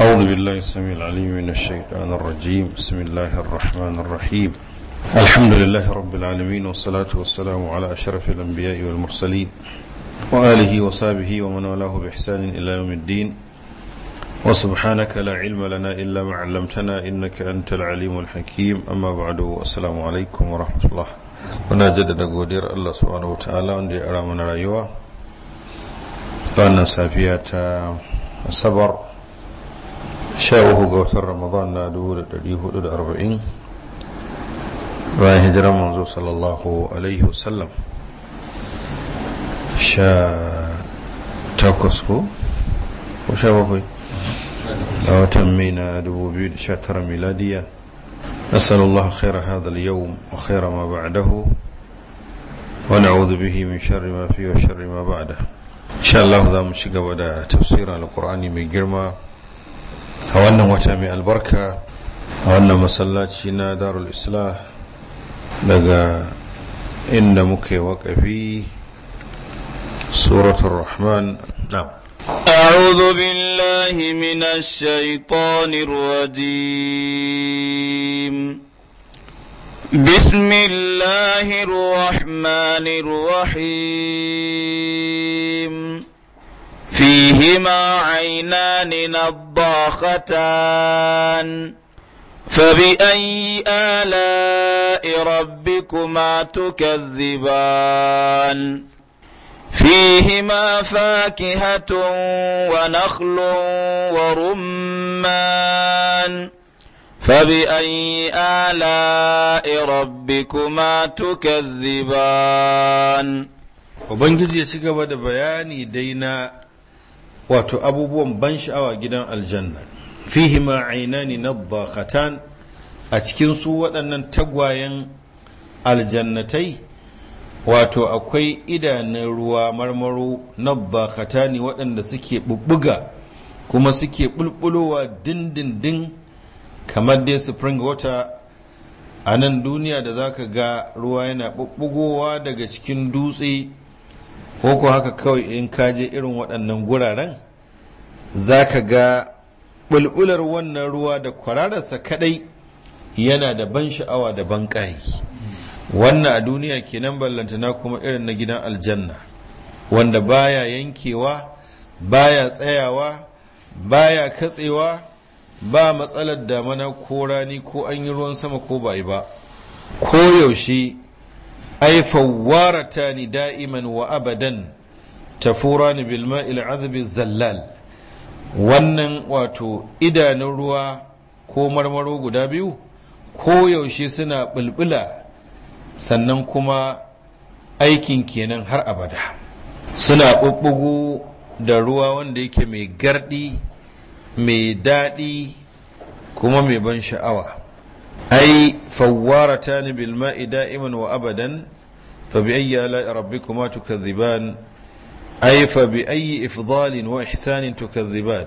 أعوذ بالله السميع العليم من الشيطان الرجيم بسم الله الرحمن الرحيم الحمد لله رب العالمين والصلاة والسلام على أشرف الأنبياء والمرسلين وآله وصحبه ومن والاه بإحسان إلى يوم الدين وسبحانك لا علم لنا إلا ما علمتنا إنك أنت العليم الحكيم أما بعد السلام عليكم ورحمة الله muna jaddada godiyar Allah subhanahu wa ta'ala wanda ya ara mana rayuwa wannan safiya ta asabar uku ga watan ramadan na 1440 bayan hijiran manzo sallallahu alaihi wasallam takwas ko ko bakwai a watan mai na 2019 miladiya نسأل الله خير هذا اليوم وخير ما بعده ونعوذ به من شر ما فيه وشر ما بعده إن شاء الله ذا مشيقة بدا تفسير القرآن mai girma. a wannan wata mai albarka a wannan masallaci na darul islah daga inda muke waƙafi suratul rahman na'am أعوذ بالله من الشيطان الرجيم بسم الله الرحمن الرحيم فيهما عينان نضاختان فبأي آلاء ربكما تكذبان فيهما فاكهة ونخل ورمان فبأي آلاء ربكما تكذبان وبنجد يسيقى بدا بياني دينا wato abubuwan ban sha'awa gidan aljanna fihi ma'ainani nadhakatan a cikin su waɗannan tagwayen aljannatai wato akwai idanun ruwa marmaro nadhakatani waɗanda suke bubbuga kuma suke bulbulowa dindindin kamar dai spring water a nan duniya da zaka ga ruwa yana bubbugowa daga cikin dutse ko ko haka kawai in ka je irin waɗannan guraren za ka ga bulbular wannan ruwa da kwarararsa kadai yana da ban sha'awa da ban ƙayi wannan a duniya kenan ballantana kuma irin na gidan aljanna wanda baya yankewa baya tsayawa baya katsewa ba matsalar damana ko rani ko an yi ruwan sama ko ba ba koyaushe أي فوارتان دائما وأبدا تفوران بالماء العذب الزلال wannan wato idanun ruwa ko marmaro guda biyu Ko yaushe suna bulbula sannan kuma aikin kenan har abada suna ɓuɓɓugu da ruwa wanda yake mai gardi mai daɗi kuma mai ban sha'awa ai fawwaratan bil ma'i iman wa abadan fa bi ayyi ala'i rabbikuma tukadhiban ai fa bi ayyi ifdalin wa ihsanin tukadhiban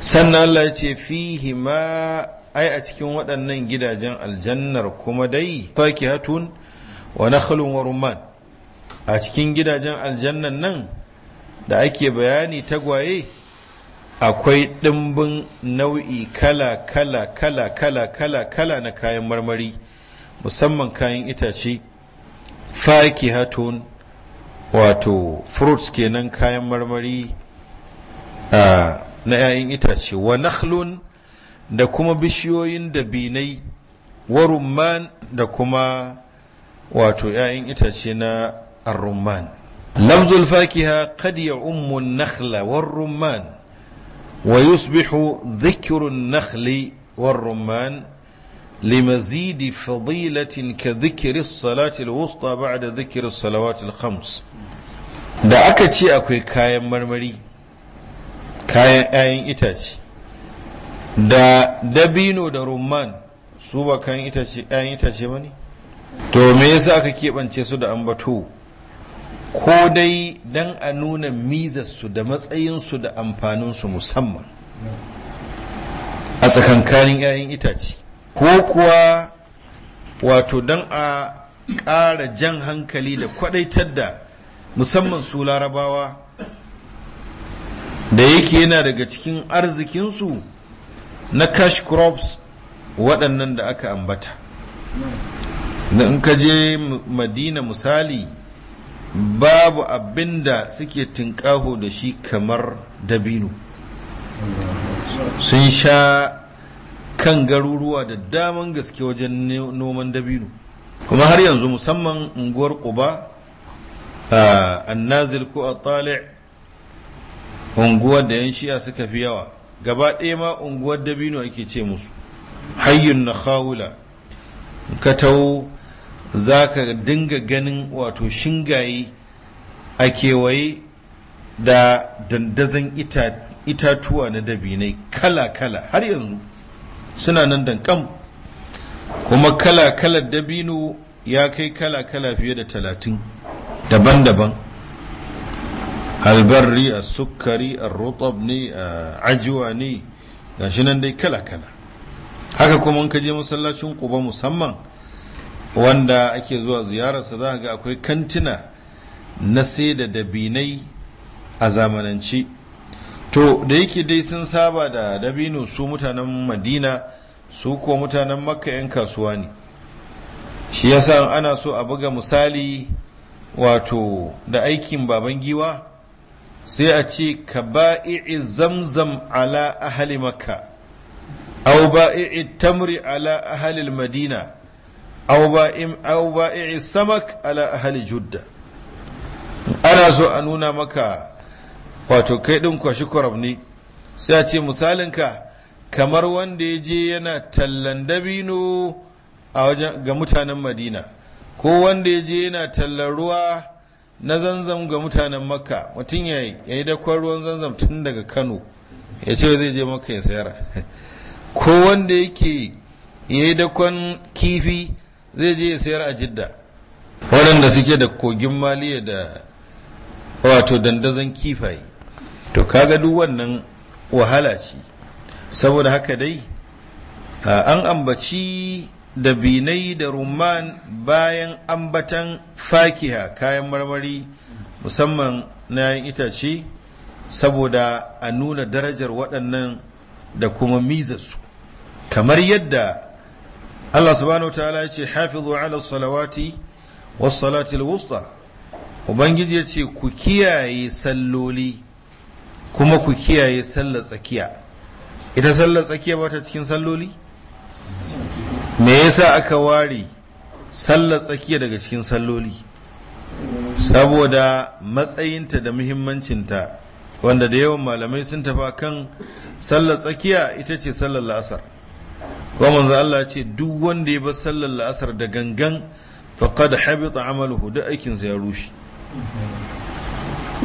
sannan Allah ya ma ai a cikin waɗannan gidajen aljannar kuma dai fakihatun wa nakhlun wa rumman a cikin gidajen aljannar nan da ake bayani tagwaye akwai ɗimbin nau'i kala kala kala kala kala kala na kayan marmari musamman kayan itace hatun wato fruits kenan kayan marmari na 'ya'yan itace wa nakhlun da kuma bishiyoyin dabinai wa rumman da kuma wato 'ya'yan itace na rumman lamzul fakiha qad ya ummun nakhla war ويصبح ذكر النخل والرمان لمزيد فضيلة كذكر الصلاة الوسطى بعد ذكر الصلوات الخمس da aka ce akwai kayan marmari kayan 'ya'yan itace da dabino da rumman su ba kayan itace 'ya'yan itace ba ne to me yasa aka keɓance su da ambato ko dai don a nuna mizarsu da matsayinsu da amfaninsu musamman a tsakankanin 'ya'yan itace ko kuwa wato don a ƙara jan hankali da kwadaitar da musamman su larabawa da yake yana daga cikin arzikinsu na cash crops waɗannan da aka ambata da in ka je madina misali babu abinda suke tinkaho da shi kamar dabino sun sha kan garuruwa da daman gaske wajen noman dabino kuma har yanzu musamman unguwar kuba a annazil ko a tali unguwar da yan shiya suka fi yawa gaba ɗaya ma unguwar dabino ake ce musu hayyun na khawula ka tau za ka dinga ganin wato shingaye a kewaye da dandazon itatuwa na dabinai kala-kala har yanzu suna nan dankam kuma kala kala dabino ya kai kala-kala fiye da talatin daban-daban albarri a sukari a rotob ne a ajiwa ne shi nan dai kala-kala haka kuma ka je masallacin kuba musamman wanda ake zuwa ziyararsa za ga akwai kantina na sai da dabinai a zamanance. to da yake dai sun saba da dabino su mutanen madina su ko mutanen makka 'yan kasuwa ne shi yasa ana so a buga misali wato da aikin baban giwa sai a ce ka ba'i'i zamzam ala ahali makka au ba'i'i tamri ala ahalil madina Auba ba'i samak ala ahali judda ana so a nuna maka wato kai ɗin kwashi kwarab ne sai a ce misalinka kamar wanda ya je yana tallan dabino a wajen ga mutanen madina ko wanda ya je yana tallan ruwa na zanzam ga mutanen makka mutum ya yi dakon ruwan zanzam tun daga kano ya ce zai je makka ya sayar ko wanda yake ya yi dakon kifi zai je ya sayar a jidda waɗanda suke da kogin maliya da wato dandazan kifaye to kaga duk wannan wahala ce saboda haka dai an ambaci da binai da rumman bayan ambatan fakiha kayan marmari musamman na yan itace saboda a nuna darajar waɗannan da kuma mizarsu kamar yadda Allah subhanahu ta'ala ya ce hafizu ala salawati was salatil wusta ubangiji ya ce ku kiyaye salloli kuma ku kiyaye sallar tsakiya ita sallar tsakiya ba ta cikin salloli me yasa aka ware sallar tsakiya daga cikin salloli saboda matsayinta da muhimmancinta wanda da yawan malamai sun tafa kan sallar tsakiya ita ce sallar la'asar wa manzo Allah ce duk wanda ya bar sallar la'asar da gangan faqad habita amaluhu da aikinsa ya rushe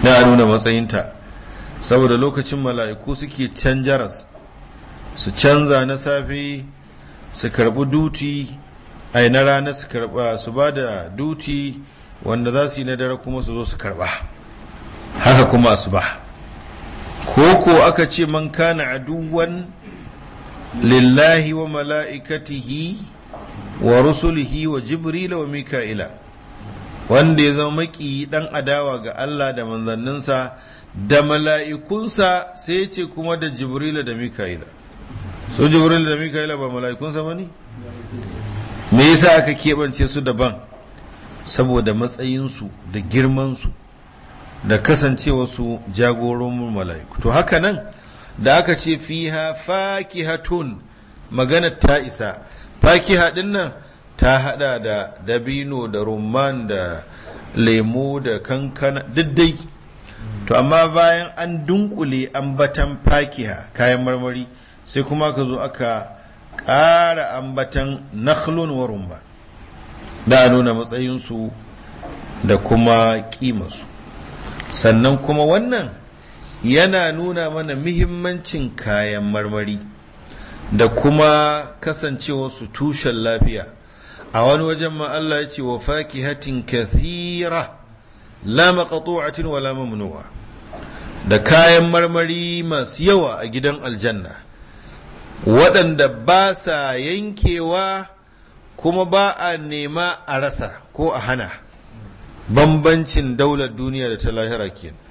na nuna matsayinta saboda lokacin mala'iku suke canjaras su canza na safe su karbi duti ai na rana su karba su ba da duti wanda za su yi na dare kuma su zo su karba haka kuma asuba. Koko aka ce man kana aduwan lillahi wa mala'ikatihi wa rusulihi wa jibrila wa mika'ila wanda ya zama maki dan adawa ga Allah da manzanninsa da mala'ikunsa sai ce kuma da jibrila da mika'ila so jibrila da mika'ila ba mala'ikunsa ba ne? me yasa aka keɓance su daban saboda matsayinsu da girmansu da kasancewa su jagoron mala'iku to haka nan da aka ce fiha fakihatun magana ta isa fakiha din nan ta haɗa da dabino da rumman da lemu da kankana diddai to amma bayan an dunkule ambatan fakiha kayan marmari sai kuma ka zo aka ƙara ambatan nakhlun wa rumma da nuna matsayinsu da kuma kimarsu sannan kuma wannan yana nuna mana muhimmancin kayan marmari da kuma kasancewa su tushen lafiya a wani wajen ma Allah ya ce wa fakihatin kathira la maqtu'atin wala mamnu'a da kayan marmari masu yawa a gidan aljanna waɗanda ba sa yankewa kuma ba a nema a rasa ko a hana bambancin daular duniya da ta lahira kenan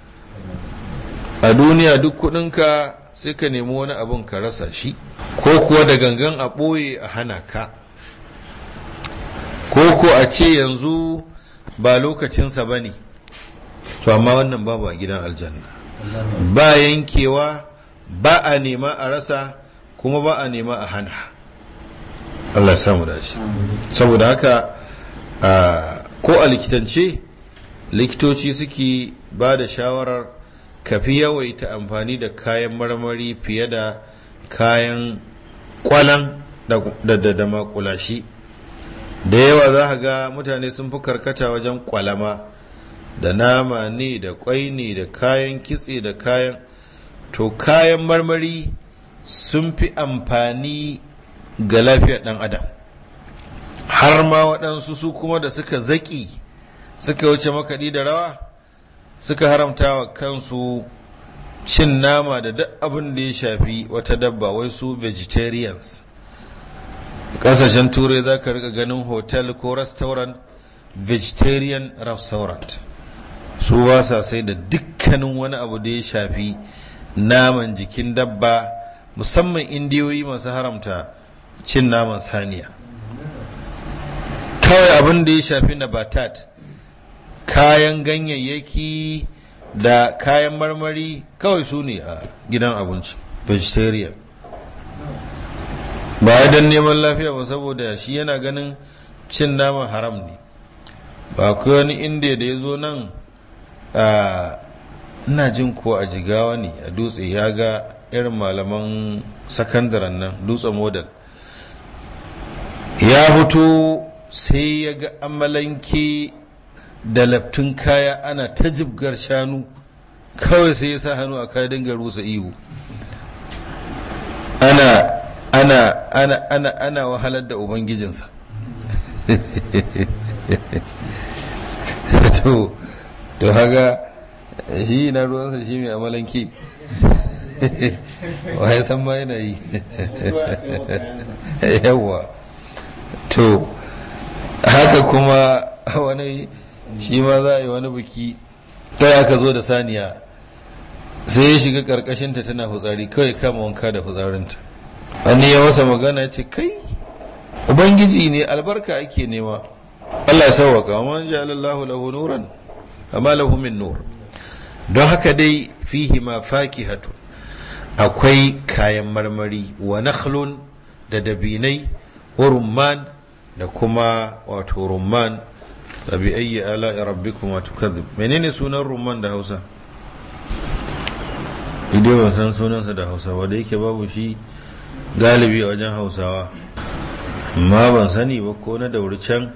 a duniya duk kudinka sai ka nemi wani abin ka rasa shi ko kuwa da gangan a ɓoye a hana ka ko ko a ce yanzu ba lokacinsa ba ne to amma wannan babu a gidan aljanna ba yankewa ba a nema a rasa kuma ba a nema a hana Allah samu dace saboda haka ko a likitance likitoci suke ba da shawarar ka fi yawaita amfani da kayan marmari fiye da kayan kwalan da makulashi da yawa za a ga mutane sun fi karkata wajen kwalama da nama ne da kwai ne da kayan kitse da kayan to kayan marmari sun fi amfani ga lafiyar dan adam har ma waɗansu su kuma da suka zaƙi suka wuce makaɗi da rawa suka haramta wa kansu cin nama da duk abin da ya shafi wata dabba wai su vegetarians kasashen turai za ka rika ganin hotel ko restaurant vegetarian restaurant su ba sa sai da dukkanin wani abu da ya shafi naman jikin dabba musamman indiyoyi masu haramta cin naman saniya kawai abin da ya shafi nabatat kayan ganyayyaki da kayan marmari kawai su ne a gidan abinci vegetarian ba don neman lafiya ba saboda shi yana ganin cin naman haram ne ba ku wani inda da ya zo nan a ina jin ko a jigawa ne a dutse ya ga irin malaman sakandaren nan dutse model ya fito sai ya ga amalanke da laftun kaya ana ta jibgar shanu kawai sai ya sa hannu a kayan dangar rusa ihu ana ana ana ana ana wahalar da ubangijinsa to to haga shi na ruwansa shi mai amalanki ya san ma yana yi yawa to haka kuma wani shi ma za a yi wani biki ya aka zo da saniya sai ya shiga karkashinta tana fitsari kawai kama wanka da fitsarinta an ya masa magana ce kai ubangiji ne albarka ake nema allah ya sauwaka man ja'alallahu lahu nuran amma lahu min nur don haka dai fihi ma fakihatu akwai kayan marmari wa nakhlun da dabinai wa rumman da kuma wato rumman ayi ayyi ala'i wa tukadhib menene sunan rumman da Hausa idai ba san sunansa da Hausawa da yake babu shi galibi a wajen Hausawa amma ban sani ba ko na dauri can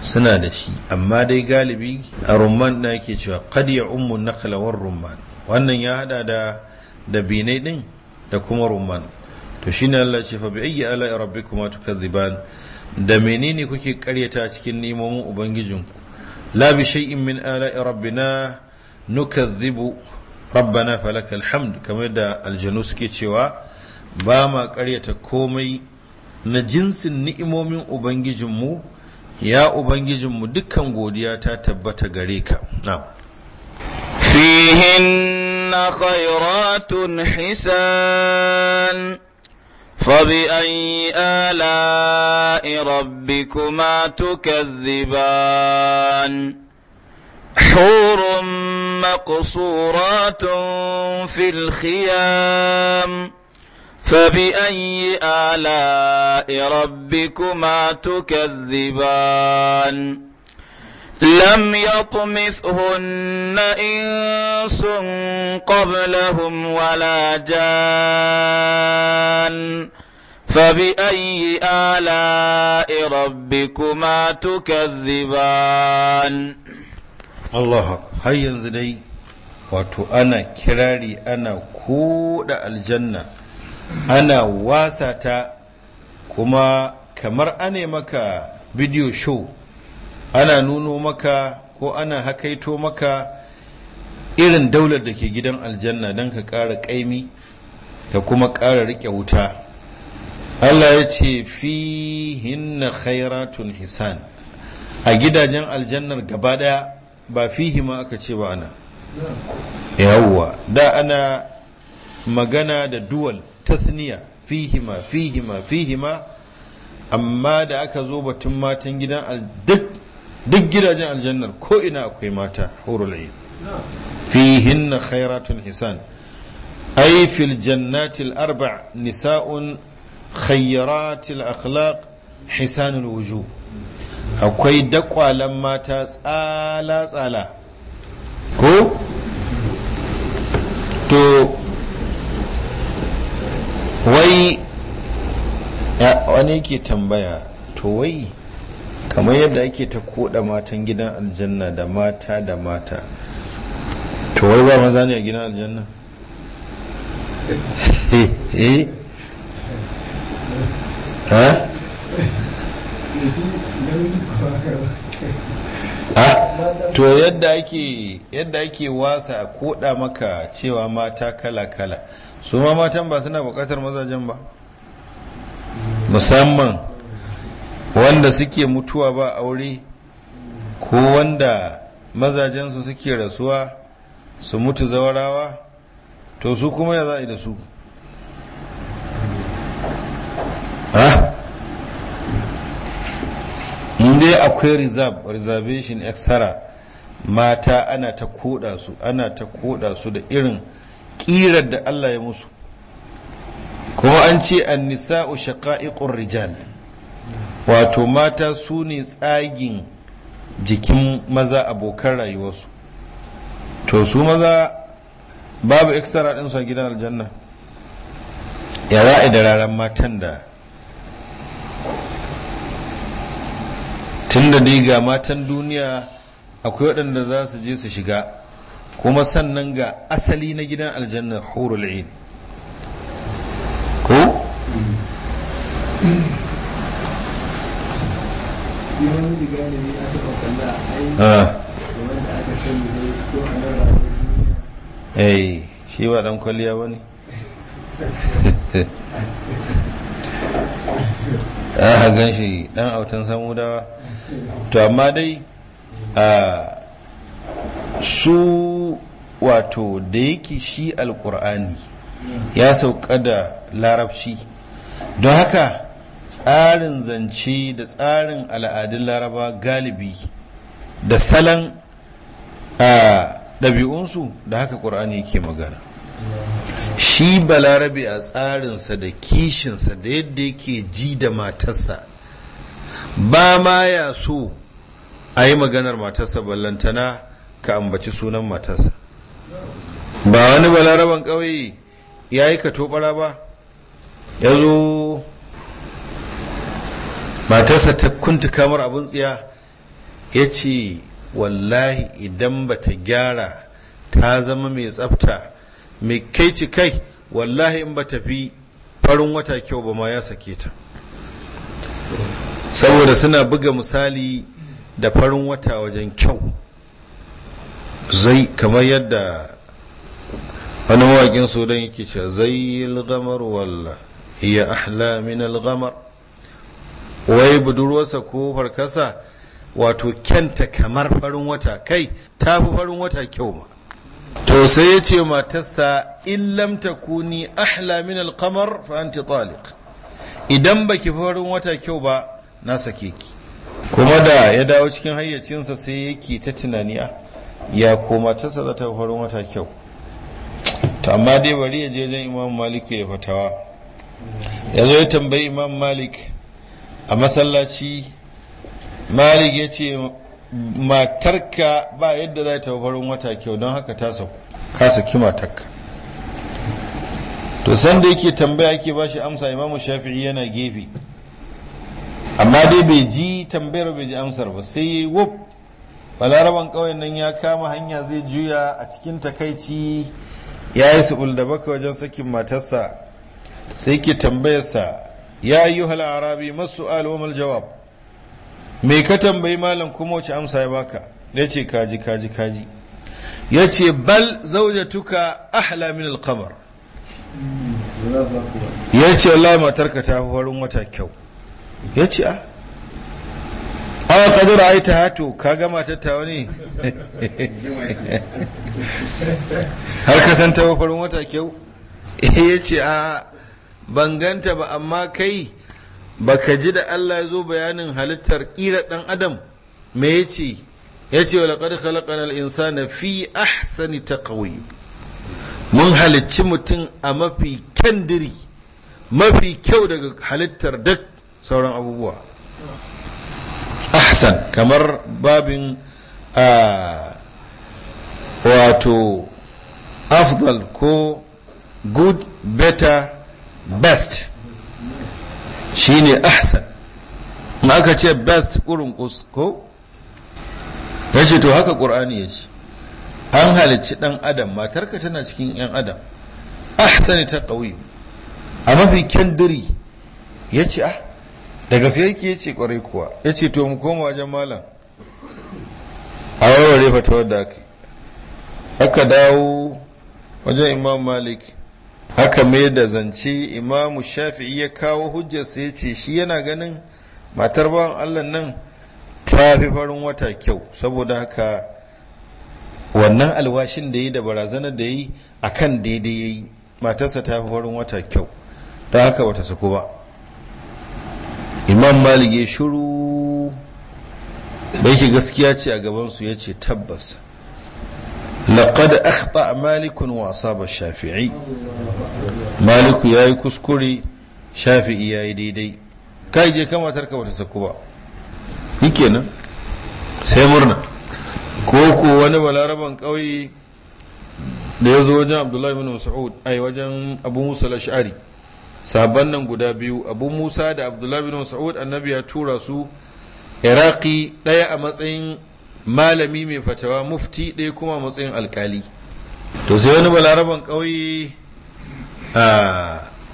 suna da shi amma dai galibi a rumman na yake cewa qad ya ummu naklawar rumman wannan ya hada da da binai din da kuma rumman to shine Allah ce fa bi ala ala'i wa tukadhiban da menene kuke karyata cikin nemomin ubangijin la bi shay'in min ala'i rabbina nukadhibu rabbana falakal hamd kamar da aljanu suke cewa ba ma karyata komai na jinsin ni'imomin ubangijinmu ya ubangijinmu dukkan godiya ta tabbata gare ka na'am fihinna khairatun hisan فبأي آلاء ربكما تكذبان حور مقصورات في الخيام فبأي آلاء ربكما تكذبان لم يطمثهن إنس قبلهم ولا جان فبأي آلاء ربكما تكذبان الله هيا زدي wato ana kirari ana koda aljanna ana wasa ta kuma kamar ane maka bidiyo show ana nuno maka ko ana hakaito maka irin daular da ke gidan aljanna don ka ƙara ƙaimi ta kuma ƙara riƙe wuta Allah ya ce hinna khairatun hisan a gidajen aljannar gaba ɗaya ba fihi ma aka ce ba ana yawwa da ana magana da duwal tasniya fihima fihima fihima amma da aka zo batun matan gidan duk duk gidajen aljannar ko ina akwai mata hurul ain fihinna khairatun hisan Ai fil jannatil arba nisa'un khayyaratil akhlaq hisanul wuju. akwai dakwalan mata tsala-tsala ko to wai wani ke tambaya to wai kamar yadda ake ta koda matan gidan aljanna da mata da mata to wai ba maza ne a gidan aljanna eh, eh. to yadda ake yadda ake wasa koda maka cewa mata kala-kala su ma matan ba suna bukatar mazajen ba musamman wanda suke mutuwa ba aure ko wanda mazajensu suke rasuwa su mutu zawarawa to su kuma ya za su inda akwai reserve reservation extra mata ana ta koda su ana ta koda su da irin kirar da Allah ya musu kuma an ce an nisa'u shaqa'iqur rijal wato mata su ne tsagin jikin maza abokan rayuwarsu to su maza babu extra ɗinsu a gidan aljanna ya za da raran matan da tun da dai ga matan duniya akwai waɗanda za su je su shiga kuma sannan ga asali na gidan aljanna hurul la'in. ko Ah. eh shi ba dan kwalliya ba ne a gan shi dan autan samudawa to amma dai a su wato da yake shi alkur'ani ya sauka da larabci don haka tsarin zance da tsarin al'adun laraba galibi da salon ɗabi'unsu da haka ƙur'ani ke magana shi balarabe a tsarinsa da kishinsa da yadda yake ji da matarsa ba ma ya so a yi maganar matarsa ballantana ka ambaci sunan matarsa ba wani balaraban ƙauye ya yi ka tobara ba ya zo matarsa ta kuntu kamar abin tsiya ya ce wallahi idan ba ta gyara ta zama mai tsafta mai kai ci kai wallahi in ba ta fi farin wata kyau ba ma ya sake ta saboda suna buga misali da farin wata wajen kyau zai kamar yadda wani mawaƙin sudan yake ce zai yi walla iya ahla min al wai budurwarsa ko farkasa? wato kyanta kamar farin wata kai ta fi farin wata kyau ma to sai ya ce matarsa in lam takuni ahla min alqamar fa anti taliq idan baki farin wata kyau ba na sake ki kuma da ya dawo cikin hayyacinsa sai yake ta tunani ah, ya ko matarsa za ta farin wata kyau to amma dai bari ya je jan imam malik ya fatawa ya zo ya tambayi imam malik a masallaci malik ya ce matarka ba yadda za ta farin wata kyau don haka ta ka saki matarka to sanda yake tambaya ke ba shi amsa imamu shafi'i yana gefe amma dai bai ji tambayar bai ji amsar ba sai wuf balaraban ƙauyen nan ya kama hanya zai juya a cikin takaici ya yi su da baka wajen sakin matarsa sai ke tambayarsa ya ayyuha al-arabi masu'al wa mal jawab me ka tambayi malam kuma wace amsa ya baka Ya ce kaji kaji kaji Ya ce bal zawjatuka ahla min al-qamar yace wallahi matarka ta horin wata kyau Ya ce a awa kadur ta hato ka gama tattawa ne har ka san ta horin wata kyau Ya ce a ban ganta ba amma kai baka ji da Allah zo bayanin halittar ƙira ɗan adam me ya ce ya ce walaƙar khalaƙar na fi ahsani ta mun halicci mutum a mafi kyandiri mafi kyau daga halittar duk sauran abubuwa ahsan kamar babin a wato afdal ko good better best shine ahsan ma aka ce best kurin ko ya ce to haka ƙur'ani ya ce an halicci ɗan adam matarka tana cikin 'yan adam ahsani ta ƙauyi a mafi kyandiri ya ce ah da gaske yake ya ce ƙwarai kuwa ya ce to mu koma wajen malam a warware fatawar da aka aka dawo wajen imam malik haka mai da zance imamu shafi'i ya kawo hujjarsa ya ce shi yana ganin matar bawan allah nan ta fi farin wata kyau saboda haka wannan alwashin da yi da barazanar da yi a kan daidai ya yi matarsa ta fi farin wata kyau don haka ta suku ba imam malik ya shuru bai gaskiya ce a gabansu ya ce tabbas laqad akhta malikun wa asaba shafi'i maliku yayi kuskure shafi'i yayi daidai kai je kama tarka bata saku ba shikenan sai murna ko ko wani balaraban ƙauye da ya zo wajen abdullahi bin mas'ud ai wajen abu musa al-ash'ari sabon nan guda biyu abu musa da abdullahi bin mas'ud annabi ya tura su iraki ɗaya a matsayin malami mai fatawa mufti ɗaya kuma matsayin alkali to sai wani balaraban ƙauye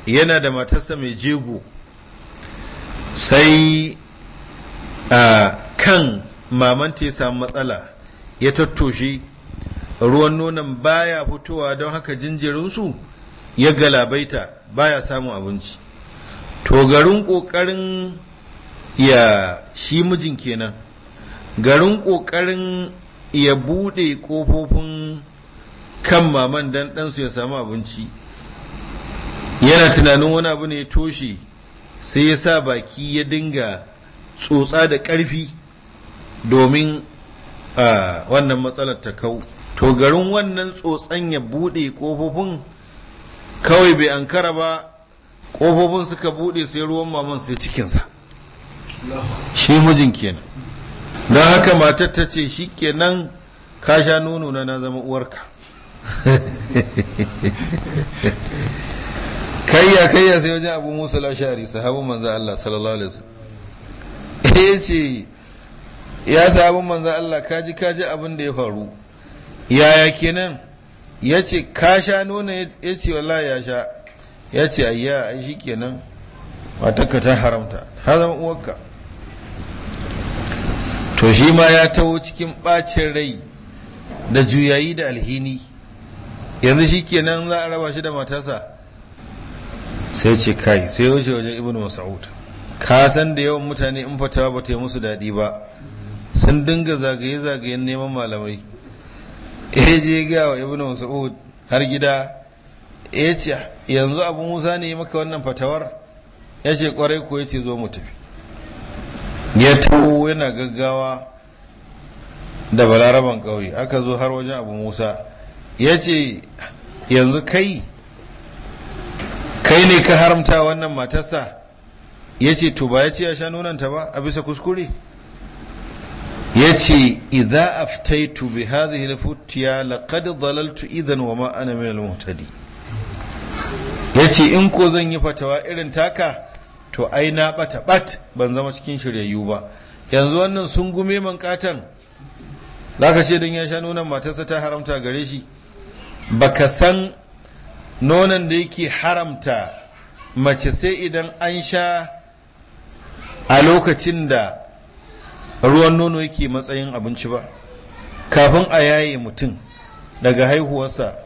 yana da matarsa mai jego sai a kan mamanta ya samu matsala ya tattoshi ruwan nonon baya fitowa don haka jinjirinsu ya galabaita baya samun abinci to garin ƙoƙarin ya shi mijin kenan garin ƙoƙarin ya buɗe ƙofofin kan maman dan ɗansu ya samu abinci yana tunanin wani abu ne ya toshe sai ya sa baki ya dinga tsotsa da ƙarfi domin wannan matsalar ta kau to garin wannan tsotsan ya buɗe ƙofofin kawai bai ankara ba ƙofofin suka buɗe sai ruwan maman sai cikinsa shi mijin kenan don haka matar ta ce shi kenan ka sha nono na na zama uwarka kayya kayya sai wajen abu musa lashari sahabin manzan Allah sallallahu alaihi wasallam ya ce ya sahabin manzan Allah kaji kaji abin da ya faru yaya kenan ya ce ka sha nono ya ce wallahi ya sha ya ce ayya ai shi kenan matarka ta haramta ha zama uwarka to shi ma ya taho cikin ɓacin rai da juyayi da alhini yanzu shi kenan za a raba shi da matasa sai ce kai sai wuce wajen ibn mas'ud ka san da yawan mutane in fata ba ta yi musu daɗi ba sun dinga zagaye-zagayen neman malamai ya je ga wa ibn mas'ud har gida ya ce yanzu abu musa ne maka wannan fatawar ya ce kwarai ko ya ce zo mu tafi ya taho yana gaggawa da balaraban ƙauye aka zo har wajen abu musa ya ce yanzu kai kai ne ka haramta wannan matarsa ya ce to ba ya ce ya sha nunanta ba a bisa kuskure ya ce idza aftaitu bi hadhihi laqad dhalaltu idan wa ma ana min al-muhtadi yace in ko zan yi fatawa irin taka to ai na bata bat ban zama cikin shiryayyu ba yanzu wannan sun gume man katan za ka ce don ya sha nonon matarsa ta haramta gare shi baka san nonon da yake haramta mace sai idan an sha a lokacin da ruwan nono yake matsayin abinci ba kafin a yaye mutum daga haihuwarsa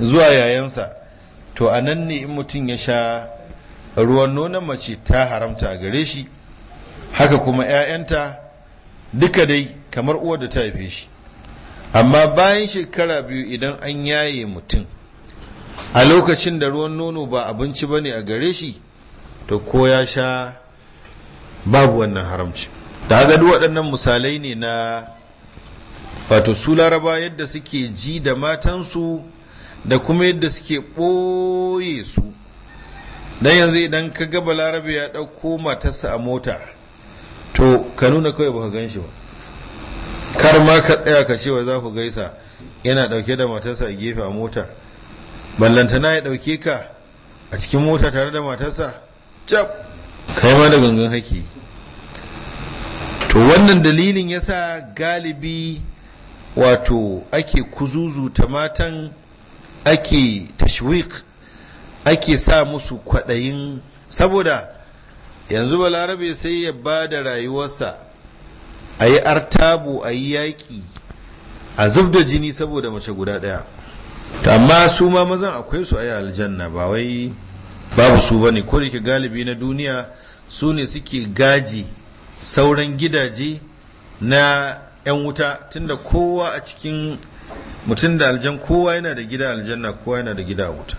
zuwa yayansa to a nan ne in mutum ya sha ruwan nonon mace ta haramta a gare shi haka kuma 'ya'yanta duka dai kamar uwar da ta haife shi amma bayan shekara biyu idan an yaye mutum a lokacin da ruwan nono ba abinci ba ne a gare shi to ko ya sha babu wannan haramci da haka waɗannan misalai ne na wato su laraba yadda suke ji da matansu da kuma yadda suke ɓoye su dan yanzu idan ka ga balarabe ya ɗauko matarsa a mota to ka nuna kawai baka gan shi ba kar ma ka tsaya ka cewa za ku gaisa yana dauke da matarsa a gefe a mota ballantana ya ɗauke ka a cikin mota tare da matarsa cap kai ma da gangan haki to wannan dalilin yasa galibi wato ake kuzuzu ta matan ake tashwiq ake sa musu kwaɗayin saboda yanzu balarabe sai ya ba da rayuwarsa a yi artabu a yi yaƙi a zub da jini saboda mace guda ɗaya amma su ma mazan akwai su a yi aljanna ba wai babu su ba ne kodayake galibi na duniya su ne suke gaji sauran gidaje na 'yan wuta tunda kowa a cikin mutum da aljan kowa yana da gida aljanna kowa yana da gida wuta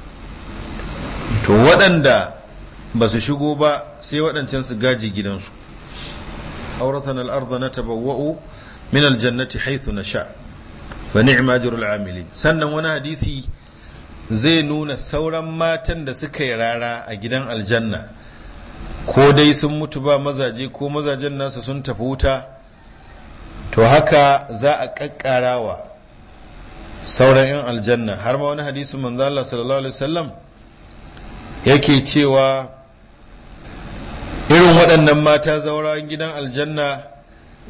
to waɗanda ba su shigo ba sai waɗancan su gaji gidansu auratan al'arza na tabawa'u min aljannati haithu na sha fa ni'ma amilin sannan wani hadisi zai nuna sauran matan da suka yi rara a gidan aljanna ko dai sun mutu ba mazaje ko mazajen nasu sun tafi wuta to haka za a ƙaƙƙarawa sauran 'yan aljanna har ma wani hadisi manzo sallallahu alaihi wasallam yake cewa irin waɗannan mata zauren gidan aljanna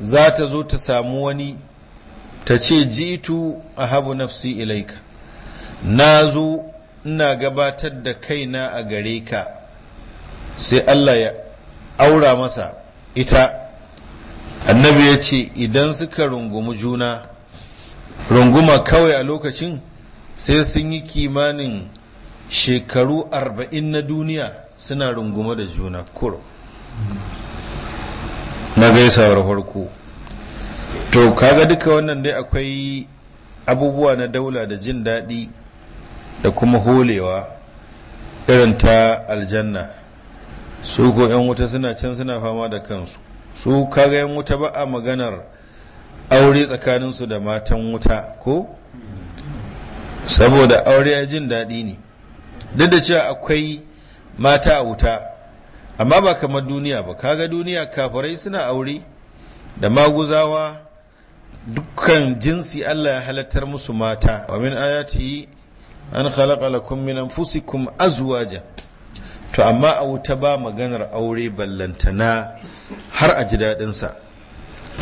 za ta zo ta samu wani ta ce jitu a habu nafsi ilaika na zo ina gabatar da kaina a gare ka sai allah ya aura masa ita annabi ya ce idan suka rungumi juna runguma kawai a lokacin sai sun yi kimanin shekaru arba'in na duniya suna rungume da juna kuro na gaisawar farko to kaga duka wannan dai akwai abubuwa na daula da jin daɗi da kuma holewa irin ta aljanna su ko 'yan wuta suna can suna fama da kansu su kaga 'yan wuta ba a maganar aure tsakaninsu da matan wuta ko saboda aure jin daɗi ne duk da cewa akwai mata a wuta amma ba kamar duniya ba kaga duniya kafirai suna aure da maguzawa dukkan jinsi Allah ya halattar musu mata wa min ayati an khalaqa lakum min anfusikum azwaja to amma a wuta ba maganar aure ballantana har a ji daɗinsa. sa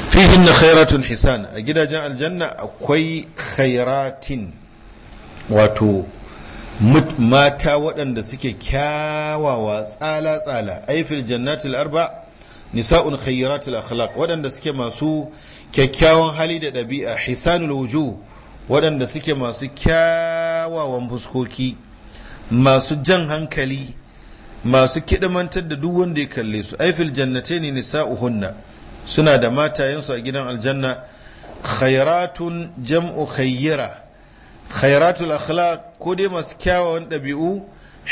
fihin na khairatun hisan a gidajen aljanna akwai khairatin wato mata waɗanda suke kyawawa tsala-tsala aifil jannatul arba nisa'un khayyaratul akhlaq waɗanda suke masu kyakkyawan hali da ɗabi'a hisanul wuju waɗanda suke masu kyawawan fuskoki masu jan hankali masu kiɗimantar da duk wanda ya kalle su aifil jannate ne nisa'uhunna suna da matayensu a gidan aljanna khayratun jam'u khayyara khairatul akhlaq ko dai masu kyawawan ɗabi'u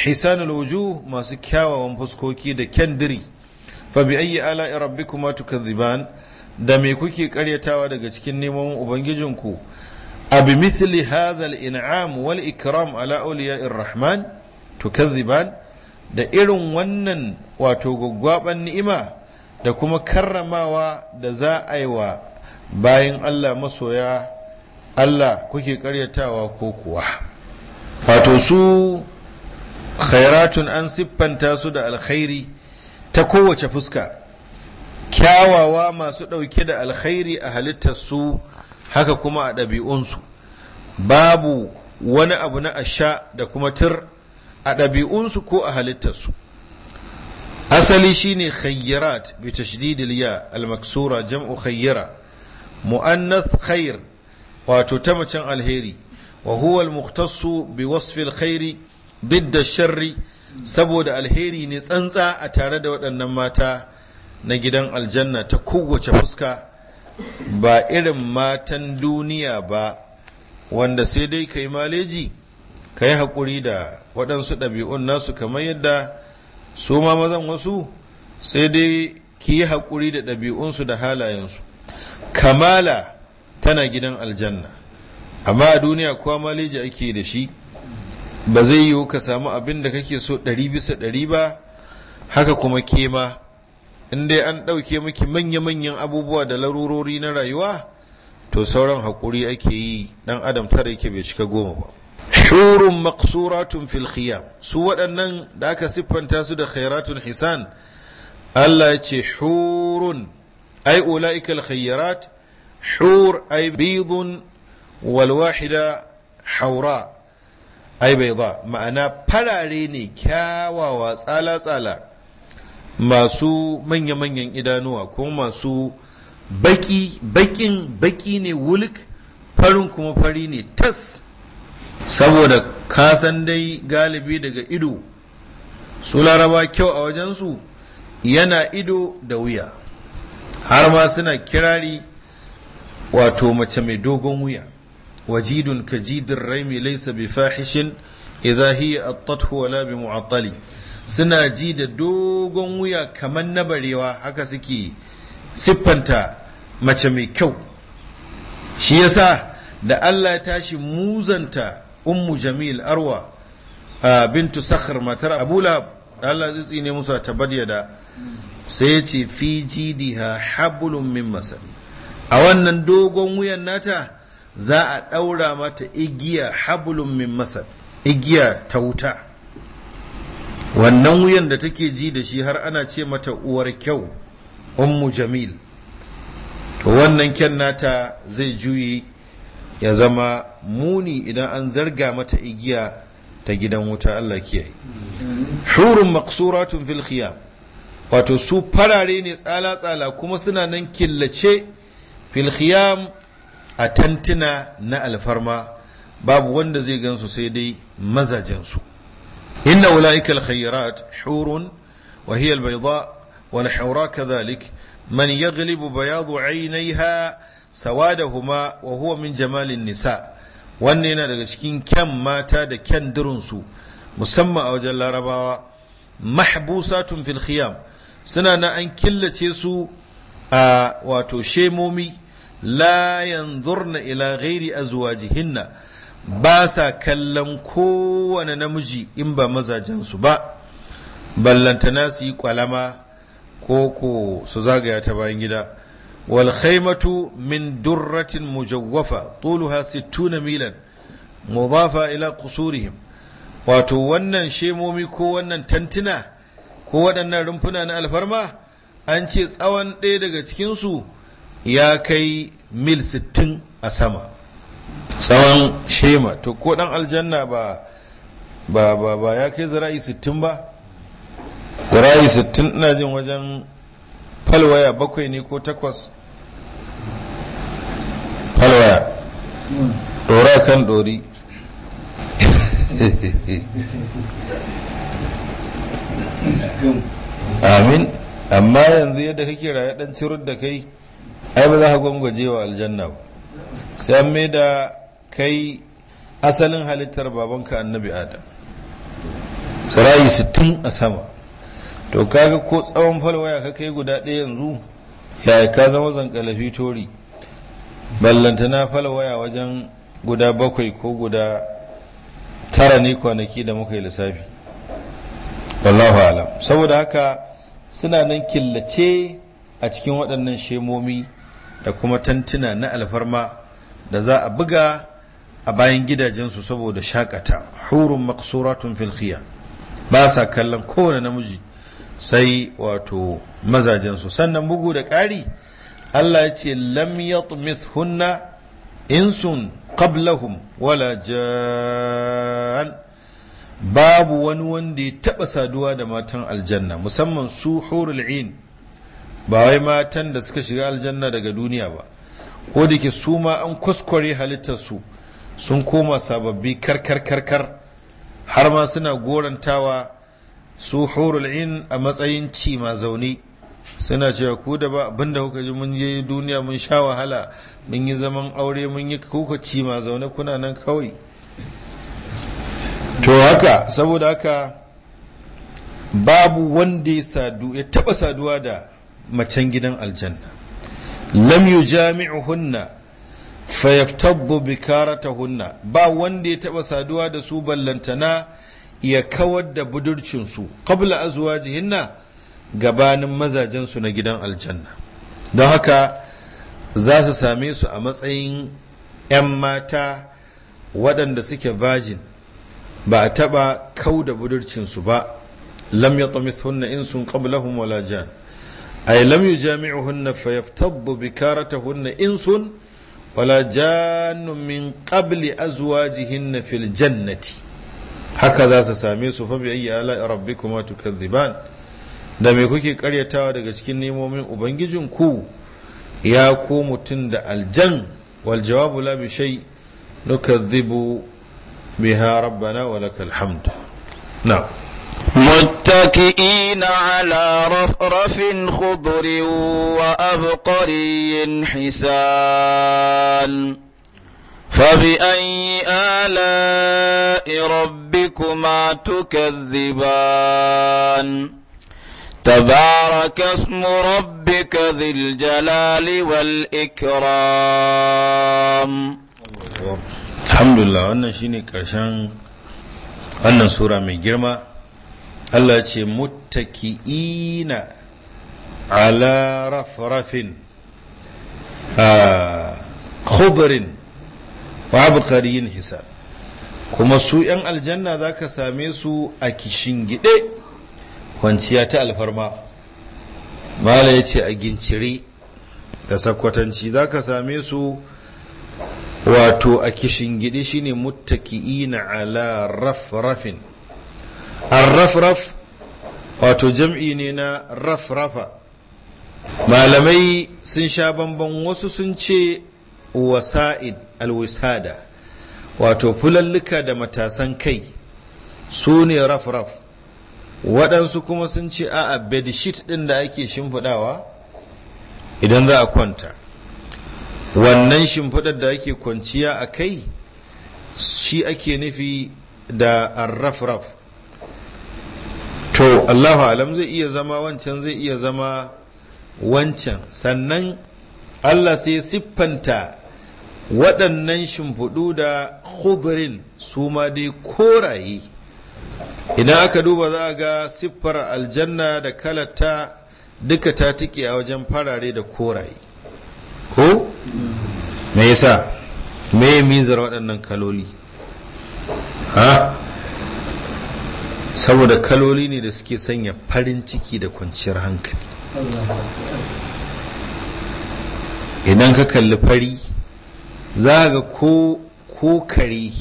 hisanul wujuh masu kyawawan fuskoki da kyandiri fa bi ayyi ala'i rabbikuma tukadziban da me kuke karyatawa daga cikin neman ubangijinku abi misli hadha al-in'am wal ikram ala awliya'ir rahman tukadziban da irin wannan wato gwaggwaban ni'ima da kuma karramawa da za a yi wa bayan Allah masoya Allah kuke karyatawa ko kuwa wato su khairatun an siffanta su da alkhairi ta kowace fuska kyawawa masu ɗauke da alkhairi a halittarsu haka kuma a ɗabi'unsu babu wani abu na asha da kuma tir a ɗabi'unsu ko a halittarsu asali shine khayyarat bi tashdidil ya al-maksura jam'u khayyara mu'annath khair wato ta macen alheri wa huwa bi wasfi al-khairi didda sharri saboda alheri ne tsantsa a tare da waɗannan mata na gidan aljanna ta kowace fuska ba irin matan duniya ba wanda sai dai ka yi maleji ka yi haƙuri da waɗansu ɗabi'un nasu kamar yadda su ma mazan wasu sai dai ki yi haƙuri da ɗabi'unsu da halayensu kamala tana gidan aljanna amma a duniya kuwa maleji ake da shi ba zai yiwu ka samu abin da kake so ɗari bisa ɗari ba haka kuma kema in dai an ɗauke maki manya-manyan abubuwa da larurori na rayuwa to sauran haƙuri ake yi ɗan adam tara yake bai cika goma ba shurun maksuratun fil su waɗannan da aka siffanta su da khairatun hisan Allah ya ce hurun ai ula'ikal khayyarat حور أي بيض والواحدة حوراء أي بيضاء ma'ana farare ne kyawawa tsala-tsala masu manya-manyan idanuwa ko masu baƙi baƙin baƙi ne wulik farin kuma fari ne tas saboda kasan dai galibi daga ido su laraba kyau a wajensu yana ido da wuya har ma suna kirari wato mace mai dogon wuya wajidun kajidin raimi laisa bi fahishin idza hiya attathu wala bi mu'attali suna ji da dogon wuya kamar na barewa haka suke siffanta mace mai kyau shi yasa da Allah ya tashi muzanta ummu jamil arwa bintu sakhar matar abu Allah zai tsine musu a tabadiya da sai ta ce fi jidiha hablum min masal a wannan dogon wuyan nata za a ɗaura mata igiya hablum min masar igiya ta wuta wannan wuyan da take ji da shi har ana ce mata uwar kyau ummu jamil to wannan kyan nata zai juyi ya zama muni idan an zarga mata igiya ta gidan wuta Allah kiyaye hurun maksuratun fil khiyam wato su farare ne tsala-tsala kuma suna nan killace fil a tantina na alfarma babu wanda zai gansu sai dai mazajensu inna ulaika alkhayrat hurun wa hiya albayda wal hura kadhalik man yaghlibu bayadu aynaiha sawadahuma wa huwa min jamalin nisa wannan yana daga cikin kyan mata da kyan durunsu musamman a wajen larabawa mahbusatun fil khiyam suna na an killace su a wato shemomi la yanzurna ila ghairi azwajihinna ba sa kallon kowane namiji in ba mazajensu ba ballantana su yi kwalama ko ko su zagaya ta bayan gida wal khaymatu min durratin mujawwafa tuluha 60 milan mudafa ila qusurihim wato wannan shemomi ko wannan tantina ko waɗannan rumfuna na alfarma an ce tsawon ɗaya daga cikinsu ya kai mil 60 a sama tsawon shema to ko ɗan aljanna ba ba ba ba ya kai zira'i 60 ba zira'i 60 ina jin wajen falwaya bakwai ne ko takwas falwaya ɗora kan ɗori amin amma yanzu yadda kake raye dan cirur da kai ai ba za ka gwangwaje wa aljanna ba sai an mai da kai asalin halittar babanka annabi adam rayi sittin a sama to kaga ko tsawon falwaya ka kai guda ɗaya yanzu yaya ka zama zankalafi tori ballantana falwaya wajen guda bakwai ko guda tara ne kwanaki da muka yi lissafi wallahu alam saboda haka suna nan killace a cikin waɗannan shemomi da kuma tantuna na alfarma da za a buga a bayan gidajensu saboda shakata hurun maksuratun filkiya ba sa kallon kowane namiji sai wato mazajensu sannan bugu da ƙari allah ya ce lam yatmis hunna insun qablahum wala jan babu wani wanda ya taɓa saduwa da matan aljanna musamman su hurul ba wai matan da suka shiga aljanna daga duniya ba ko da ke su ma an kwaskware su sun koma sababbi karkar karkar har ma suna gorantawa su hurul a matsayin ci ma zaune suna cewa ku da ba abinda kuka ji mun je duniya mun sha wahala mun yi zaman aure mun yi kuka ci ma zaune kuna nan kawai to haka saboda haka babu wanda ya sadu taba saduwa da macen gidan aljanna lam bi karata hunna. ba wanda ya taba saduwa da su ballantana ya kawar da budurcin budurcinsu qabla azwajihinna gabanin mazajensu na gidan aljanna don haka za su same su a matsayin 'yan mata waɗanda suke virgin ba a taɓa kau da budurcinsu ba lam ya hunna in sun qablahum wala jan ay lam yujami'uhunna fayaftaddu bikaratuhunna in sun wala janu min qabli azwajihinna fil jannati haka za su same su fa bi ayyi ala rabbikuma tukadhiban da me kuke karyatawa daga cikin nemomin ubangijin ku ya ko mutum da aljan wal jawabu la bi shay nukadhibu بها ربنا ولك الحمد نعم متكئين على رفرف خضر وأبقري حسان فبأي آلاء ربكما تكذبان تبارك اسم ربك ذي الجلال والإكرام alhamdulillah wannan shine karshen wannan sura mai girma Allah ce muttaki'ina ala rafrafin khubrin wa abqariyin hisa. kuma su 'yan aljanna za ka same su a kishin gide kwanciya ta alfarma mala ya ce a gincire da sakwatanci za ka same su wato a kishingide shine ina ala rafrafin arrafraf wato jam'i ne na rafrafa malamai sun sha bamban wasu sun ce wasa'id alwisada wato fulalluka da matasan kai su ne rafraf waɗansu kuma sun ce a bedshit ɗin da ake shimfiɗawa idan za a kwanta wannan shimfiɗar da ake kwanciya a kai shi ake nufi da arrafraf to allahu alam zai iya zama wancan zai iya zama wancan sannan allah sai siffanta waɗannan shimfiɗu da khudrin su ma dai koraye idan aka duba za a ga siffar aljanna da kalata duka ta tike a wajen farare da koraye ko me yasa me mizar waɗannan kaloli ha saboda kaloli ne da suke sanya farin ciki da kwanciyar hankali idan ka kalli fari za ga ko kare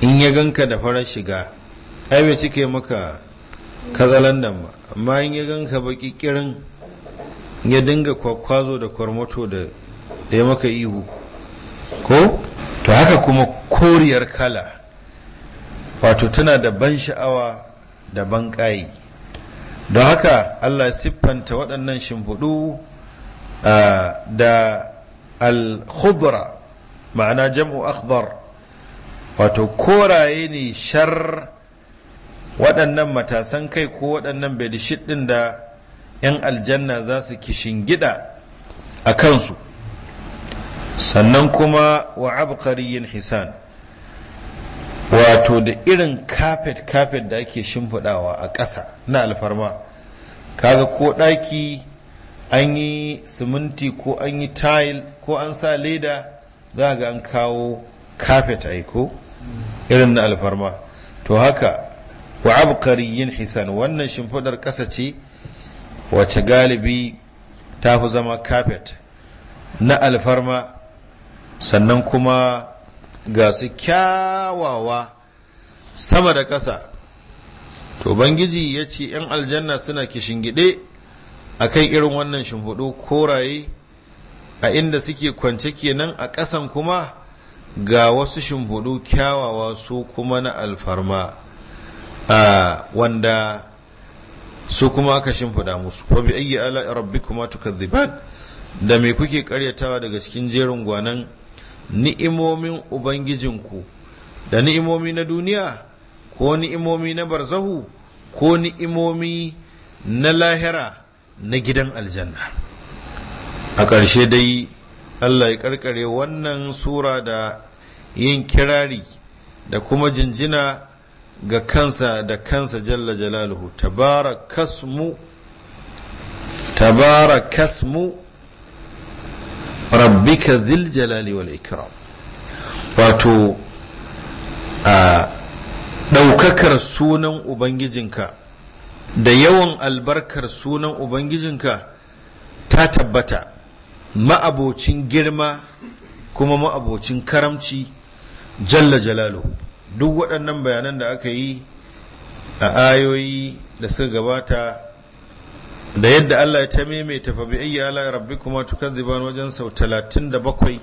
in ya ganka da farar shiga ai bai cike maka kazalandan ma amma in ya ganka baki ƙirƙirin. ya dinga kwakwazo da kwarmato da ya maka ihu ko to haka kuma koriyar kala wato tana da ban sha'awa da ban ƙayi don haka allah siffanta waɗannan shimfiɗu da al-khudra ma'ana jam'u Akhbar. wato koraye ne shar waɗannan matasan kai ko waɗannan bedishit ɗin da 'yan aljanna za su gida a kansu sannan kuma wa abqariyin hisan wato da irin kafet kafet da ake shimfiɗawa a ƙasa na alfarma kaga ko ɗaki an yi siminti ko an yi tile ko an sa leda za ga an kawo kafet aiko irin na alfarma to haka wa yin hisan wannan shimfiɗar ƙasa ce Wace galibi ta fi zama carpet na alfarma sannan kuma ga su kyawawa sama da ƙasa to bangiji ya ce 'yan aljanna suna kishingide a kan irin wannan shimfiɗu koraye a inda suke kwance kenan a ƙasan kuma ga wasu shimfiɗu kyawawa su kuma na alfarma a wanda su kuma aka shimfida musu wa bi ayyi ala rabbikuma tukadhiban da me kuke karyatawa daga cikin jerin gwanan ni'imomin ubangijinku da ni'imomi na duniya ko ni'imomi na barzahu ko ni'imomi na lahira na gidan aljanna a ƙarshe dai allah ya ƙarƙare wannan sura da yin kirari da kuma jinjina ga kansa da kansa jalla jalaluhu tabara kasmu rabbika zil jalali wal ikram wato a ɗaukakar sunan ubangijinka da yawan albarkar sunan ubangijinka ta tabbata ma'abocin girma kuma ma'abocin karamci jalla jalaluhu duk waɗannan bayanan da aka yi a ayoyi da suka gabata da yadda Allah ya ta maimaita fa bi ayyi ala rabbikuma tukadziban wajen sau 37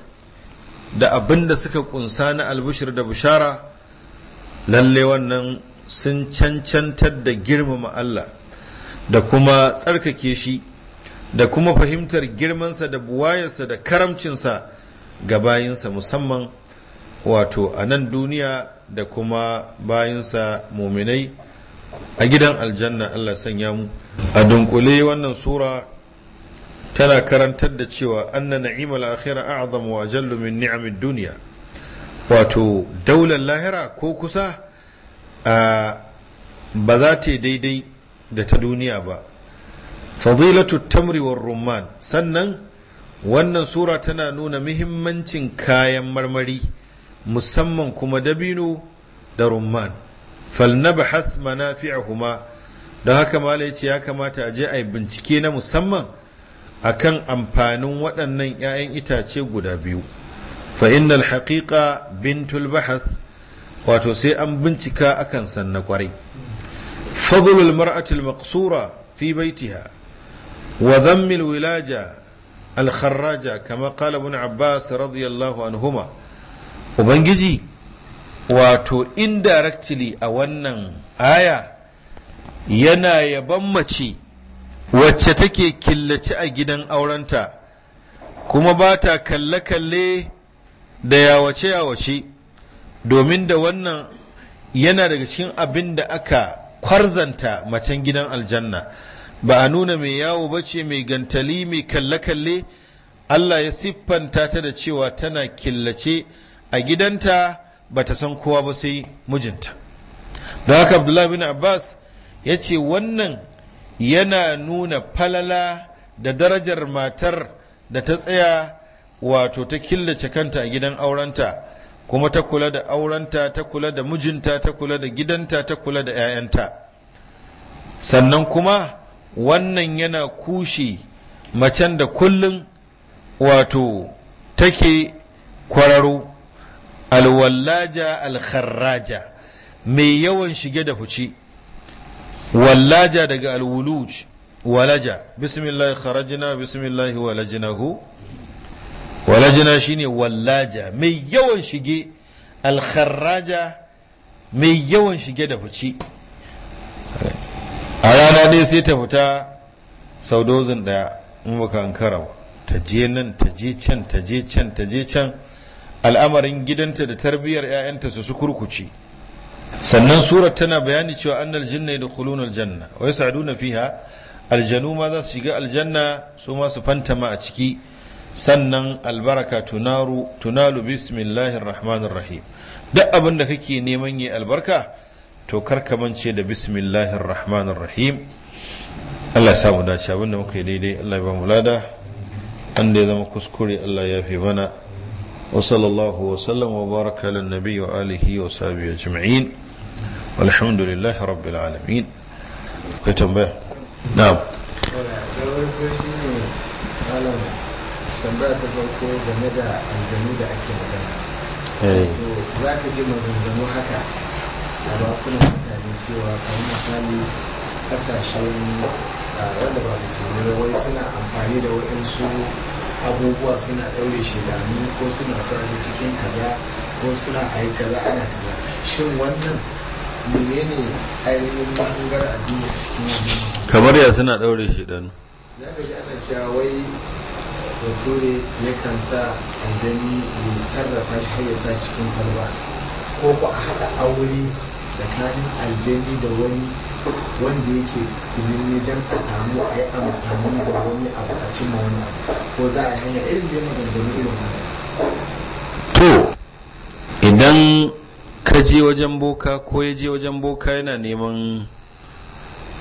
da abin da suka kunsa na albushir da bushara lalle wannan sun cancantar da girmama Allah da kuma tsarkake shi da kuma fahimtar girmansa da buwayarsa da karamcinsa ga bayinsa musamman wato a nan duniya da kuma bayansa muminai a gidan aljanna Allah sanya mu a dunkule wannan sura tana karantar da cewa anna na'imal akhira a'zamu wa ajallu min ni'amid duniya wato daular lahira ko kusa ba za ta daidai da ta duniya ba fadilatu tamri war rumman sannan wannan sura tana nuna muhimmancin kayan marmari musamman kuma dabino da rumman falnabhath manafi'ahuma don haka ma ce ya kamata a je a yi bincike na musamman akan amfanin waɗannan 'ya'yan itace guda biyu fa haƙiƙa haqiqa bintul bahath wato sai an bincika akan sanna kwarai fadlul mar'atul maqsura fi baitiha wa dhammil wilaja al kharraja kama qala ibn abbas radiyallahu anhuma ubangiji wato indirectly a wannan aya yana yaban mace wacce take killace a gidan aurenta kuma ba ta kalle-kalle da yawace-yawace domin da wannan yana daga cikin abin da aka kwarzanta macen gidan aljanna ba a nuna mai yawo ba ce mai gantali mai kalle-kalle allah ya siffanta ta da cewa tana killace a gidanta ba ta san kowa ba sai mijinta da haka abdullahi bin abbas ya ce wannan yana nuna falala da darajar matar da ta tsaya wato ta killace kanta a gidan aurenta kuma ta kula da aurenta ta kula da mijinta ta kula da gidanta ta kula da 'ya'yanta sannan kuma wannan yana kushe macen da kullum wato take kwararo alwallaja alkharraja mai yawan shige da fice wallaja daga alwuluj walaja bismillah kharajna bismillah walajnahu walajna shine wallaja mai yawan shige alkharraja mai yawan shige da fice a rana dai sai ta fita sau dozin daya in baka ankara ta je nan ta je can ta je can ta je can al'amarin gidanta da tarbiyyar 'ya'yanta su kurkuce sannan surar tana bayani cewa annal jinna da dukulun aljanna wai saduna fiha aljanu ma za su shiga aljanna su ma su fantama a ciki sannan albaraka tunalu bismillahir rahmanir rahim duk abin da kake neman yi albarka to karka da bismillahir rahmanir rahim Allah ya samu dace abin da muka yi daidai Allah ya ba mu lada an ya zama kuskure Allah ya fi mana وصلى الله وسلم وبارك على النبي وآله وصحبه أجمعين والحمد لله رب العالمين كتنبه نعم tambaya ta farko game da haka a bakunan cewa ah, wanda ba musulmi wai suna amfani da waɗansu abubuwa suna ɗaure shidanu ko suna sa shi cikin kaza ko suna ai kaza ana kaza shin wannan menene ainihin mahangar addini cikin kamar ya suna ɗaure shidanu za ka ana cewa wai bature yakan sa aljani ya sarrafa shi har sa cikin kwalba ko ku a haɗa aure tsakanin aljani da wani wanda yake ne don a samu a yi amfani da wani abu a cimma wani ko za a shanya irin da maganganu irin wani to idan ka je wajen boka ko ya je wajen boka yana neman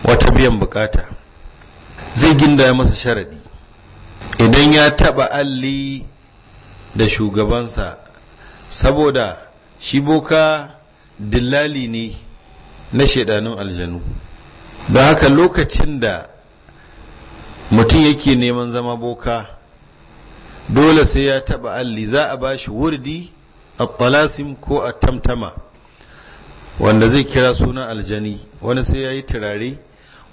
wata biyan bukata zai gindaya masa sharadi idan ya taba alli da shugabansa saboda shi boka dillali ne na shaidanun aljanu da haka lokacin da mutum yake neman zama boka dole sai ya taba alli za a ba shi wurdi a talasim ko a tamtama wanda zai kira suna aljani wani sai ya yi turare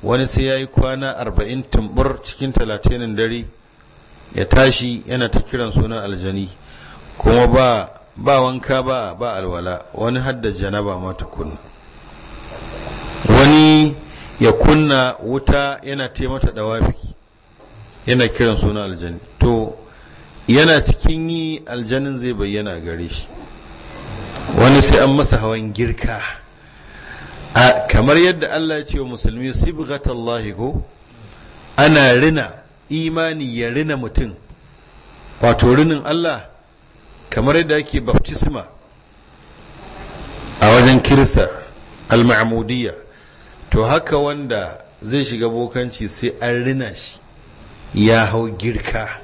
wani sai ya yi kwana arba'in tumbur cikin talatinin dare ya tashi yana ta kiran suna aljani kuma ba wanka ba ba alwala wani hadda janaba mata kunna wani ya kunna wuta yana taimata dawafi yana kiran suna aljani to yana cikin yi aljanin zai bayyana gare shi wani sai an masa hawan girka a kamar yadda Allah ya ce wa musulmi sibghatallahi ko ana rina imani ya rina mutum wato rinin Allah kamar yadda ake baftisma a wajen kirista al maamudiyya to haka wanda zai shiga bokanci sai an rina shi ya hau girka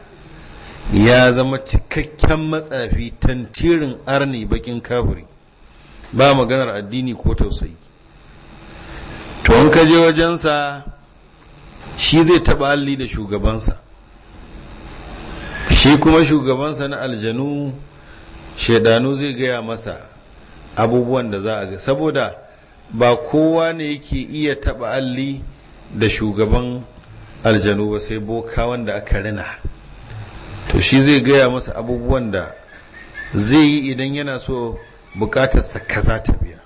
ya zama cikakken matsafi tantirin arni bakin kafuri ba maganar addini ko tausayi to an kaje wajensa shi zai taɓa alli da shugabansa shi kuma shugabansa na aljanu shaidanu zai gaya masa abubuwan da za a ga saboda ba kowa ne yake iya taɓa alli da shugaban aljanu ba sai boka wanda aka rina to shi zai gaya masa abubuwan da zai yi idan yana so bukatarsa kaza ta biya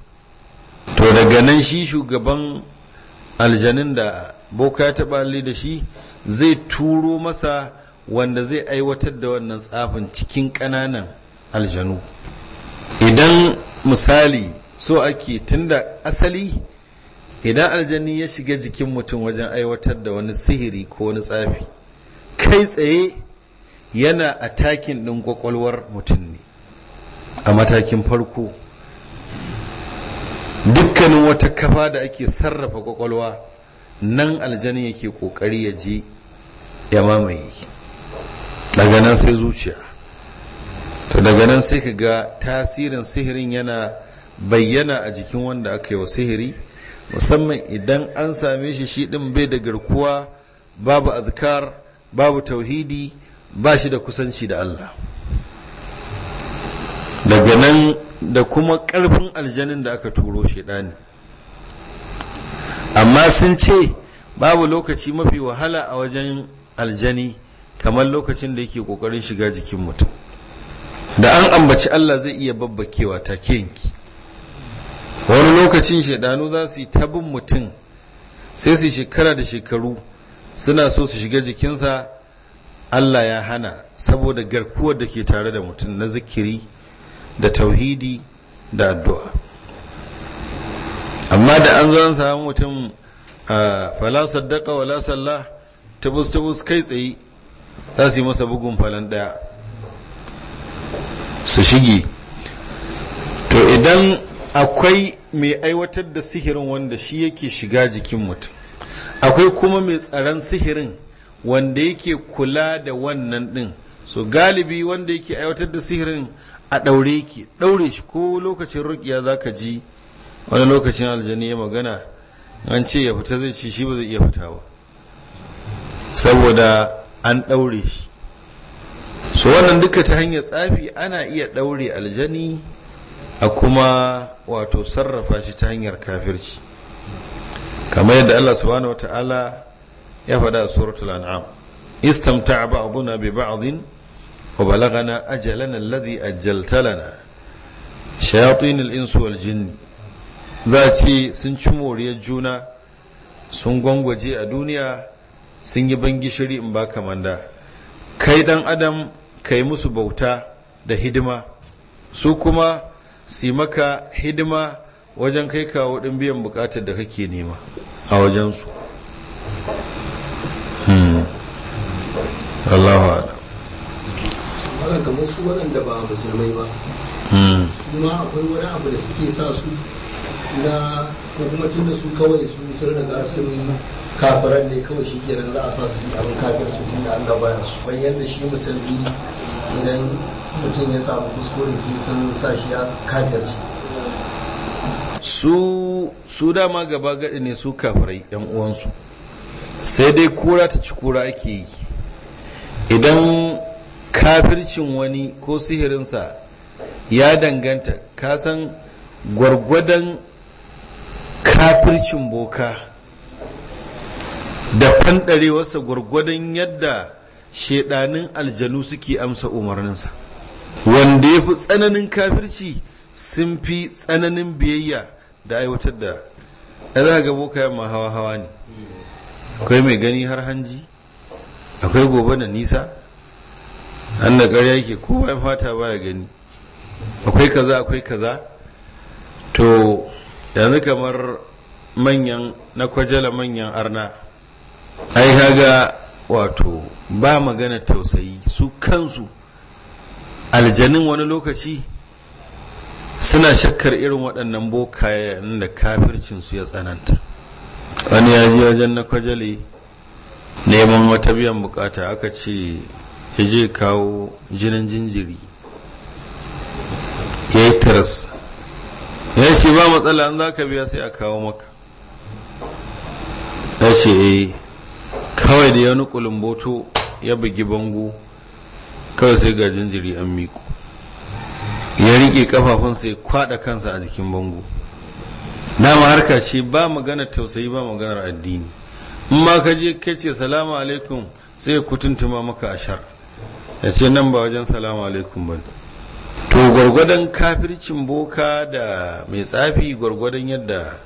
to daga nan shi shugaban aljanin da boka ya taɓa alli da shi zai turo masa wanda zai aiwatar da wannan tsafin cikin ƙananan aljanu idan misali so ake tunda asali idan aljanni ya shiga jikin mutum wajen aiwatar da wani sihiri ko wani tsafi kai tsaye yana a takin ɗin kwakwalwar mutum ne a matakin farko dukkanin wata kafa da ake sarrafa kwakwalwa nan aljani yake ƙoƙari ya je ya mamaye daga nan sai zuciya to daga nan sai ka ga tasirin sihirin yana bayyana a jikin wanda aka yi wa sihiri musamman idan an same shi shi ɗin bai da garkuwa babu azkar babu tauhidi ba shi da kusanci da Allah daga nan da kuma ƙarfin aljanin da aka turo shaidani amma sun ce babu lokaci mafi wahala a wajen aljani kamar lokacin da yake ƙoƙarin shiga jikin mutum da an ambaci Allah zai iya babbakewa take yanki wani lokacin shaidanu za su yi tabin mutum sai su shekara da shekaru suna so su shiga jikinsa allah ya hana saboda garkuwar da ke tare da mutum na zikiri da tauhidi da addu'a amma da an zo an samu mutum a falasar saddaka wala sallah tabus tabus kai tsaye za su yi masa bugun falon daya su shige to idan akwai mai aiwatar da sihirin wanda shi yake shiga jikin mutum akwai kuma mai tsaron sihirin wanda yake kula da wannan ɗin so galibi wanda yake aiwatar da sihirin a ɗaure yake ɗaure shi ko lokacin rukiya za ka ji wani lokacin aljani ya magana an ce ya fita zai ce shi ba zai iya fita ba saboda an ɗaure shi so wannan duka ta hanyar tsafi ana iya ɗaure aljani a kuma wato sarrafa shi ta hanyar kafirci kamar yadda Allah subhanahu wa ta'ala ya faɗa a suratul an'am istamta'a ba'duna bi ba'din wa balagana ajalana alladhi ajjalta lana shayatin al-insu wal jinni za ce sun ci moriyar juna sun gwangwaje a duniya sun yi ban gishiri in baka manda kai dan adam kai musu bauta da hidima su kuma si maka hidima wajen kai kawo ɗin biyan bukatar da kake nema a wajensu hmm. Allahu ala wala kamar su waɗanda ba musulmai ba su hmm. ma akwai wani abu da suke sa su na hukumacin da su kawai su sun daga sun kafaran ne kawai shi ke za a sa su abin kafin cikin da an gaba su bayan da shi musulmi idan mutum ya samu kuskure sai sun sa shi ya su su dama gaba gaɗi ne su kafirai yan uwansu sai dai kura ta ci kura ake yi idan kafircin wani ko sihirinsa ya danganta kasan gwargwadon kafircin boka da fanɗarewarsa gwargwadon yadda shaidanin aljanu suke amsa umarninsa wanda ya fi tsananin kafirci sun fi tsananin biyayya da aiwatar da ya za ga boka yamma hawa hawa ne akwai mai gani har hanji akwai gobe na nisa an da ƙarya yake ko bayan fata baya gani akwai kaza akwai kaza to yanzu kamar manyan na kwajala manyan arna ai kaga wato ba magana tausayi su kansu aljanin wani lokaci suna shakkar irin waɗannan bokayen da kafircinsu ya tsananta wani ya ji wajen na kwajale neman wata biyan bukata aka ce ya je kawo jinin jinjiri ya yi taras ya ce ba matsala an za ka biya sai a kawo maka ya ce eh kawai da ya wani boto ya bugi bango kawai sai ga jinjiri an miku ya rike kafafun sai kwaɗa kansa a jikin bango dama harka ce ba magana tausayi ba maganar addini in ma ka je ka ce salamu alaikum sai kutuntuma maka ashar ya ce nan ba wajen salamu alaikum ba to gwargwadon kafircin boka da mai tsafi gwargwadon yadda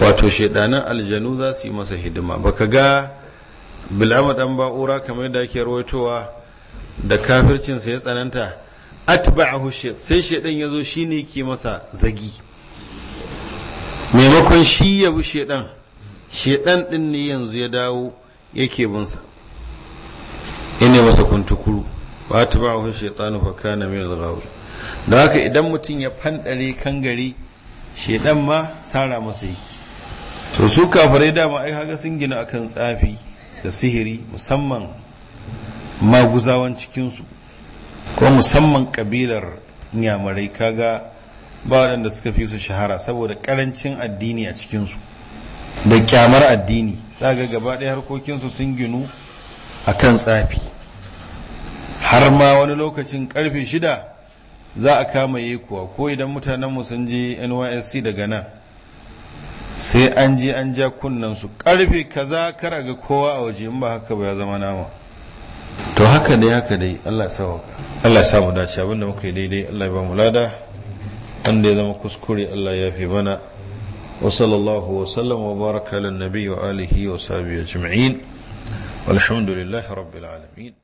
wato shaidanan aljanu za su yi masa hidima baka ga bilama dan ba'ura kamar da ake rawaitowa da sa ya tsananta atba'ahu shaytan sai shaytan yazo shine ke masa zagi maimakon shi ya bi shaytan shaytan din ne yanzu ya dawo yake sa ine masa kuntukuru ba atba'ahu shaytanu fa kana min al da haka idan mutum ya fandare kangare shaytan ma sara masa yake to su kafirai dama ai kaga sun gina akan tsafi da sihiri musamman maguzawan cikinsu ko musamman kabilar nyamurai kaga ba waɗanda suka fi su shahara saboda ƙarancin addini a cikinsu da kyamar addini za ga gaba ɗaya harkokinsu sun ginu a kan tsafi har ma wani lokacin karfe shida za a kama kuwa ko idan mutanenmu sun je nysc daga nan sai an je an ja kunnansu karfe kaza kara ga kowa a waje in ba haka ba ya zama nama to haka dai haka dai Allah sa Allah dace abinda muka yi daidai Allah ya ba mu lada wanda ya zama kuskure Allah ya fi bana. wa sallallahu wa sallam wa baraka lan wa alihi wa sahbihi ajma'in walhamdulillahi rabbil alamin